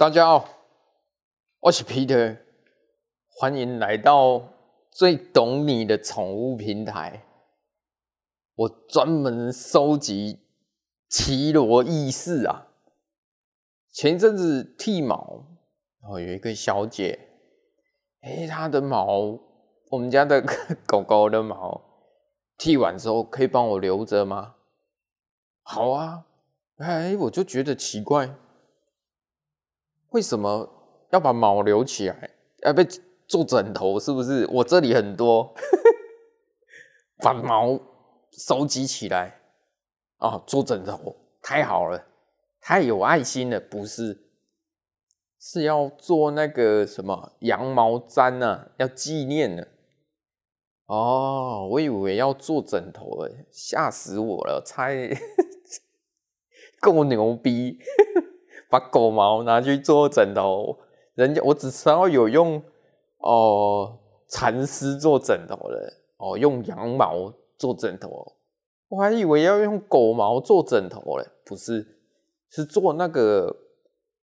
大家好，我是皮特，歡迎來到最懂你的寵物平台。我專門收集奇羅異事啊。前陣子剃毛，然後有一個小姐，誒，她的毛，我們家的狗狗的毛，剃完之後可以幫我留着嗎？好啊，誒，我就覺得奇怪。為什麼要把毛留起來？要被做枕頭？是不是？我這裡很多， 把毛收集起來啊，做枕頭？太好了，太有愛心了，不是？是要做那個什麼羊毛氈呢、啊？要紀念呢？哦，我以為要做枕頭了，嚇死我了，太夠 牛逼！把狗毛拿去做枕頭，人家我只知道有用哦蠶絲做枕頭的哦，用羊毛做枕頭，我還以為要用狗毛做枕頭嘞，不是，是做那個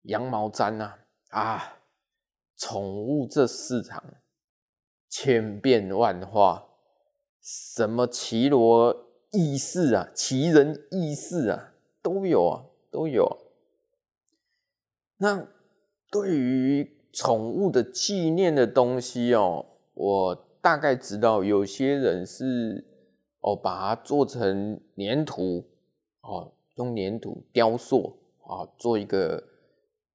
羊毛氈啊啊！寵物這市場千變萬化，什麼奇羅異事啊，奇人異事啊，都有啊，都有啊。那對於寵物的紀念的東西哦，我大概知道有些人是哦把它做成黏土哦，用黏土雕塑啊、哦，做一個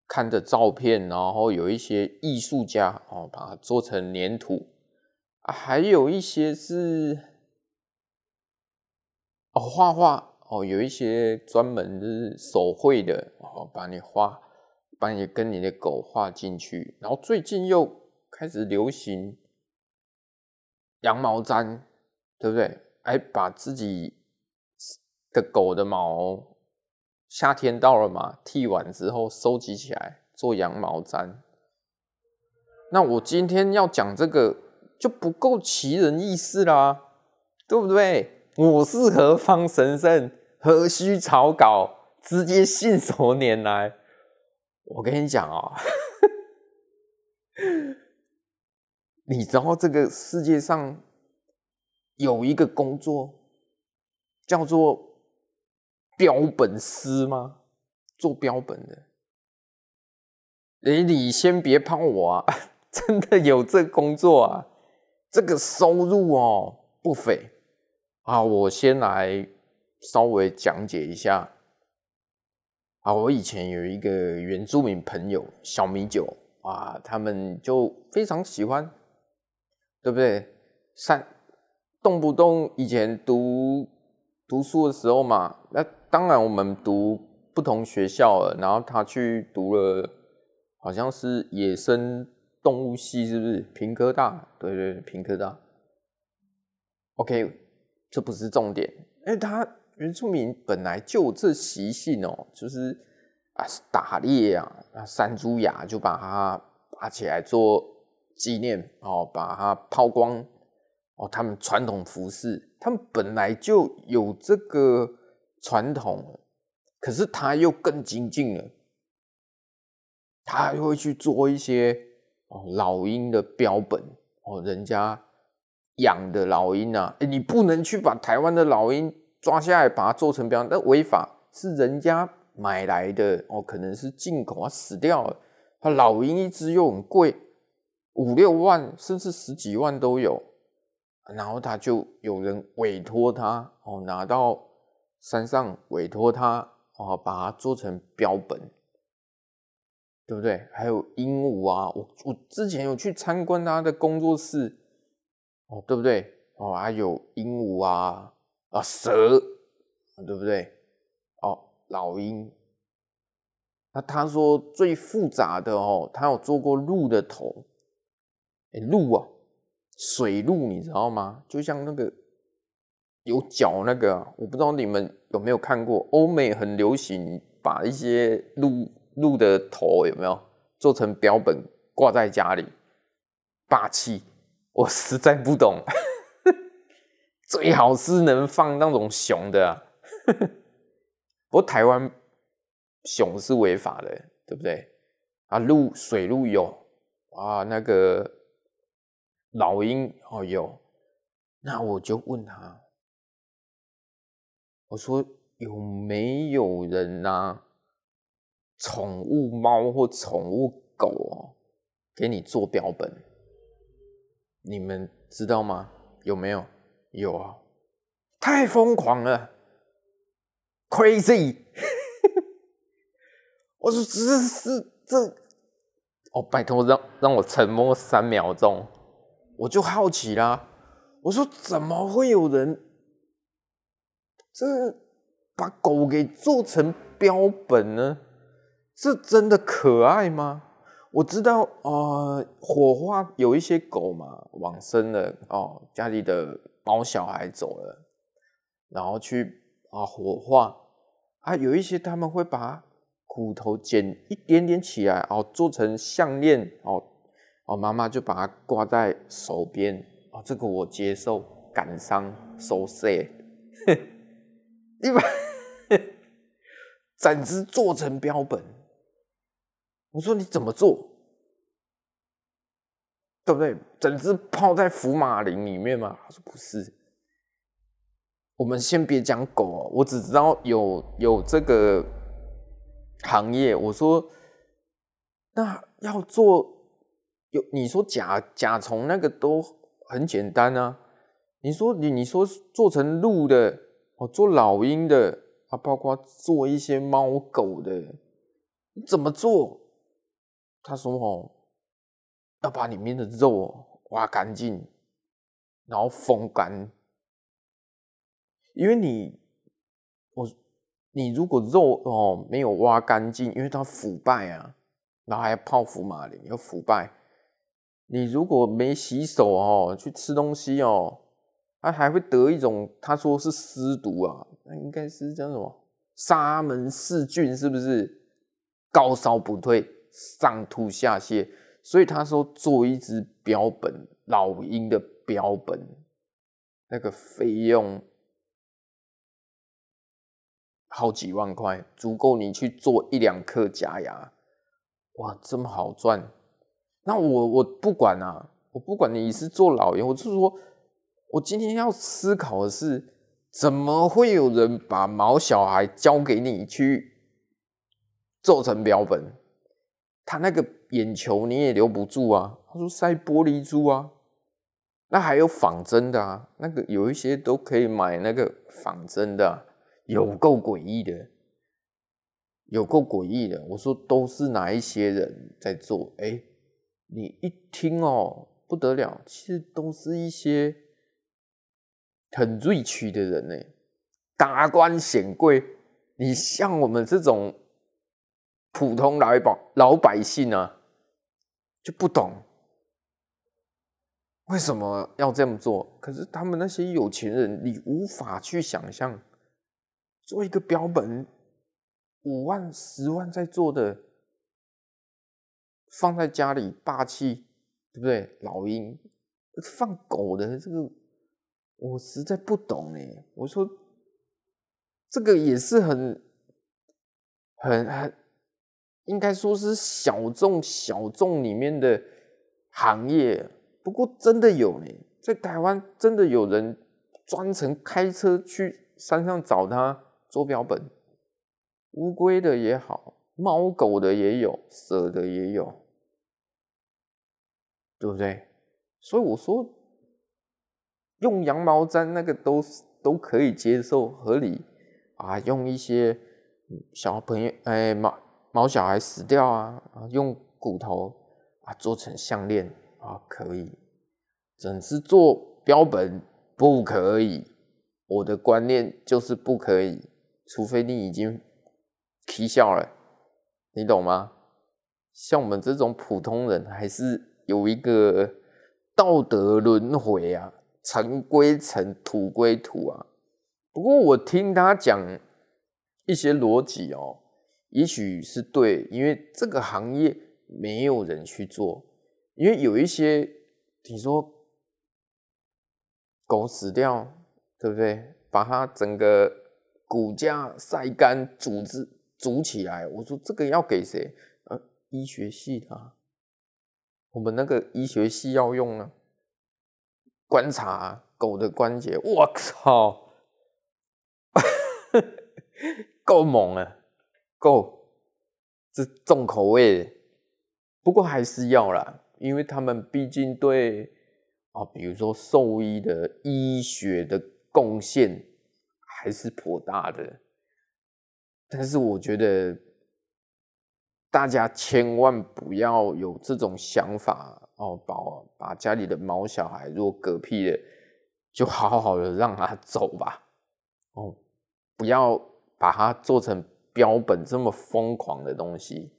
看的照片，然後有一些藝術家哦把它做成黏土、啊，還有一些是、哦、畫畫哦，有一些專門就是手繪的哦，幫你畫。把你跟你的狗畫進去，然後最近又開始流行羊毛氈，對不對？哎，把自己的狗的毛，夏天到了嘛，剃完之後收集起來做羊毛氈。那我今天要講這個就不夠奇人異事啦，對不對？我是何方神聖？何須草稿，直接信手拈來。我跟你講啊，哦，你知道這個世界上有一個工作叫做標本師嗎？做標本的。哎，你先別噴我啊，真的有這工作啊，這個收入哦不菲啊。我先來稍微講解一下。啊，我以前有一個原住民朋友小米酒啊，他們就非常喜歡，對不對？三動不動以前讀讀書的時候嘛，那當然我們讀不同學校了，然後他去讀了，好像是野生動物系，是不是？屏科大，對對對，屏科大。OK，這不是重點，哎，他。原住民本來就有這習性哦，就是啊，打獵啊，那山豬牙就把它拔起來做紀念哦，把它拋光哦。他們傳統服飾，他們本來就有這個傳統，可是他又更精進了，他還會去做一些哦，老鷹的標本哦，人家養的老鷹啊，欸，你不能去把台灣的老鷹抓下來把它做成標本，那違法，是人家買來的哦，可能是進口啊，死掉了，它老鷹一只又很貴，五六萬甚至十幾萬都有，然後他就有人委托他哦，拿到山上委托他哦，把它做成標本，對不對？還有鸚鵡啊，我我之前有去參觀他的工作室哦，對不對？哦，還有鸚鵡啊。啊，蛇，對不對？哦，老鷹。那他說最複雜的哦，他有做過鹿的頭，哎、欸，鹿啊，水鹿，你知道嗎？就像那個有角那個、啊，我不知道你們有沒有看過，歐美很流行把一些鹿鹿的頭有沒有做成標本掛在家裡，霸氣，我實在不懂。最好是能放那種熊的啊！ 不過台灣熊是違法的，對不對？啊，鹿，水鹿有啊，那個老鷹哦有。那我就問他，我說有沒有人吶、啊？寵物貓或寵物狗啊、哦，給你做標本，你們知道嗎？有沒有？有啊，太瘋狂了，crazy！ 我說這是，是，是這，哦，拜托讓讓我沉默三秒鐘，我就好奇啦、啊。我說怎麼會有人這把狗給做成標本呢？是真的可愛嗎？我知道啊、呃，火化有一些狗嘛，往生了哦，家裡的。把我小孩走了，然後去啊火化啊，有一些他們會把骨頭撿一點點起來哦，做成項鏈哦，哦媽媽就把它掛在手邊哦，這個我接受感，感傷受死，你把整隻做成標本，我說你怎麼做？對不對？整隻泡在福馬林裡面嗎？他說不是。我們先別講狗哦，我只知道有有這個行業。我說那要做有你說甲甲蟲那個都很簡單啊。你說你你說做成鹿的哦，做老鷹的啊，包括做一些貓狗的，你怎麼做？他說哦。要把裡面的肉挖乾淨，然後風乾。因為你，我，你如果肉哦沒有挖乾淨，因為它腐敗啊，然後還泡福馬林，有腐敗。你如果沒洗手哦，去吃東西哦，它還會得一種，他說是屍毒啊，那應該是叫什麼沙門氏菌，是不是？高燒不退，上吐下瀉。所以他說，做一隻標本老鷹的標本，那個費用好幾萬塊，足夠你去做一兩顆假牙，哇，這麼好賺？那我我不管啊，我不管你是做老鷹，我就是說，我今天要思考的是，怎麼會有人把毛小孩交給你去做成標本？他那個眼球你也留不住啊！他說塞玻璃珠啊，那還有仿真的啊，那個有一些都可以買那個仿真的、啊，有夠詭異的，有夠詭異的。我說都是哪一些人在做？哎，你一聽哦、喔，不得了，其實都是一些很睿屈的人呢，達官顯貴。你像我們這種。普通老百老百姓呢、啊、就不懂為什麼要這麼做？可是他們那些有錢人，你無法去想象，做一個標本，五萬、十萬在做的，放在家裡霸氣，對不對？老鷹放狗的這個，我實在不懂哎！我說這個也是很很很。很應該說是小眾小眾裡面的行業，不過真的有呢，在台灣真的有人專程開車去山上找他做標本，烏龜的也好，貓狗的也有，蛇的也有，對不對？所以我說用羊毛氈那個都都可以接受合理啊，用一些小朋友哎嘛。毛小孩死掉啊，用骨頭啊做成項鏈啊，可以，整隻做標本不可以。我的觀念就是不可以，除非你已經起笑了，你懂嗎？像我們這種普通人，還是有一個道德輪回啊，塵歸塵，土歸土啊。不過我聽他講一些邏輯哦。也許是對，因為這個行業沒有人去做。因為有一些，你說狗死掉，對不對？把它整個骨架曬乾，組織組起來。我說這個要給誰？呃、啊，醫學系的、啊，我們那個醫學系要用呢、啊，觀察、啊、狗的關節。我操，夠 猛了。夠，這重口味，不過還是要啦，因為他們畢竟對啊、哦，比如說獸醫的醫學的貢獻還是頗大的。但是我覺得大家千萬不要有這種想法哦，把把家裡的毛小孩如果嗝屁了，就好好的讓他走吧，哦，不要把它做成。標本這麼瘋狂的東西，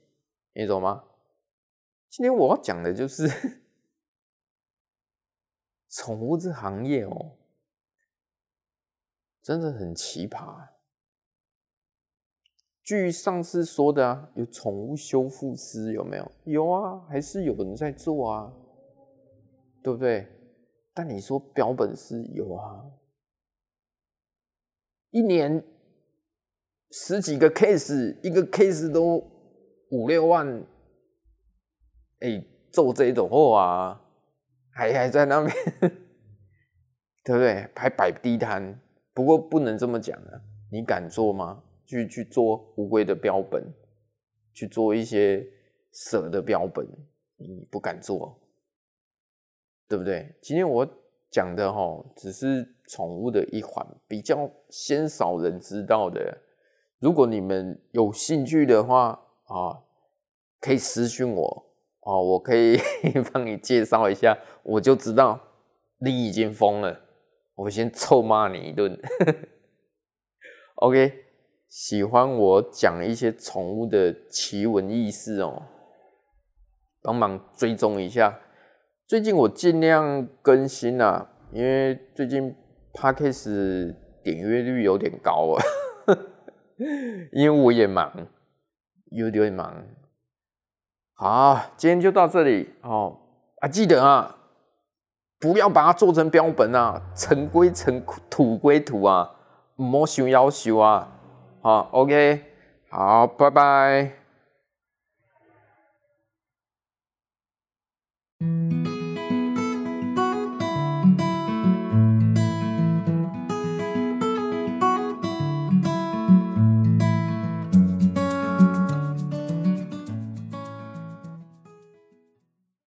你懂嗎？今天我要講的就是寵 物這行業哦，真的很奇葩啊。據上次說的啊，有寵物修復師有沒有？有啊，還是有人在做啊，對不對？但你說標本師有啊，一年。十幾個 case，一個 case 都五六萬，哎、欸，做這種貨啊，還還在那邊，對不對？還擺地攤。不過不能這麼講啊，你敢做嗎？去去做烏龜的標本，去做一些蛇的標本，你不敢做，對不對？今天我講的齁，只是寵物的一環，比較鮮少人知道的。如果你們有興趣的話啊，可以私訊我啊，我可以幫 你介紹一下。我就知道你已經瘋了，我先臭罵你一頓。 OK，喜歡我講一些寵物的奇聞異事哦，幫忙追蹤一下。最近我盡量更新啊，因為最近 Podcast 點閱率有點高啊。 因為我也忙，也有點忙。好，今天就到這裡哦。啊，記得啊，不要把它做成標本啊，塵歸塵，土歸土啊，莫修要修啊。好、哦，OK，好，拜拜。